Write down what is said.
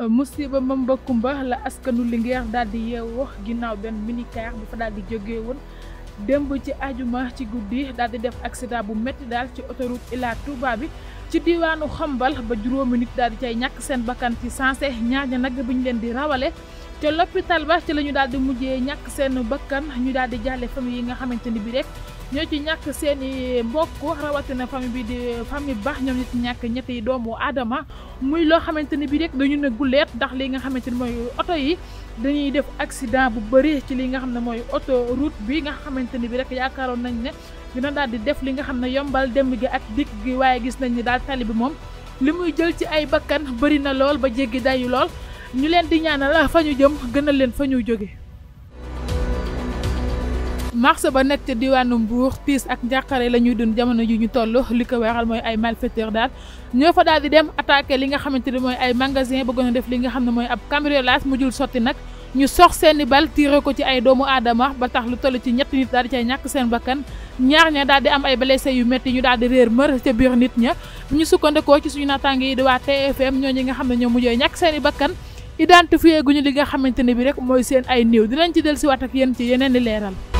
musiba Mamba Kumba la askanu Linguère daal di yeewoo ginnaaw benn minicar bu fa daal di jógee woon démb ci ajuma ci guddi daal di def accident bu métti daal ci autoroute Ila Touba bi ci diwaanu Xambal ba juróomi nit daal di cay ñàkk seen bakkan ci sensé ña nag bi ñu leen di rawale ca l'hôpital ba ci la ñu daal di mujjee ñàkk seen bakkan ñu daal di jàllee famille yi nga xamante ni bi rek ñoo ci ñàkk seen i mbokk rawatina famille bi di famille baax ñoom ñi ñàkk ñetti doomu aadama muy loo xamante ni bii rek dañu ne guleet ndax li nga xamante ni mooy oto yi dañuy def accident bu bëri ci li nga xam ne mooy oto autoroute bi nga xamante ni bii rek yaakaaroon nañ ne dina daal di def li nga xam ne yombal dem gi ak dikk gi waaye gis nañ ni daal tali bi moom li muy jël ci ay bakkan bari na lool ba jéggi dayu lool ñu leen di ñaanal fa ñu jëm gënal leen fa ñu jóge marché ba nekk ca diwaanu Mbour tiis ak njàqare la ñuy dund jamono ji ñu toll li ko waral mooy ay malfaiteurs daal ñoo fa daal di dem attaqué li nga xamante ne mooy ay magasin bëggoon a def li nga xam ne mooy ab cambriolage mujjul sotti nag ñu sox seeni bal tiire ko ci ay doomu aadama ba tax lu toll ci ñetti nit daal cay ñàkk seen bakkan ñaar ña daal di am ay blessé yu métti ñu daal di réer mër ca biir nit ña ñu sukkandikoo ci suñu naataange yi di waa TFM ñi nga xam ne ñoo mujjee ñàkk seen i bakkan identifié guñu li nga xamante ne bi rek mooy seen ay dinañ ci dellusiwaat ak yéen ci yeneen i leeral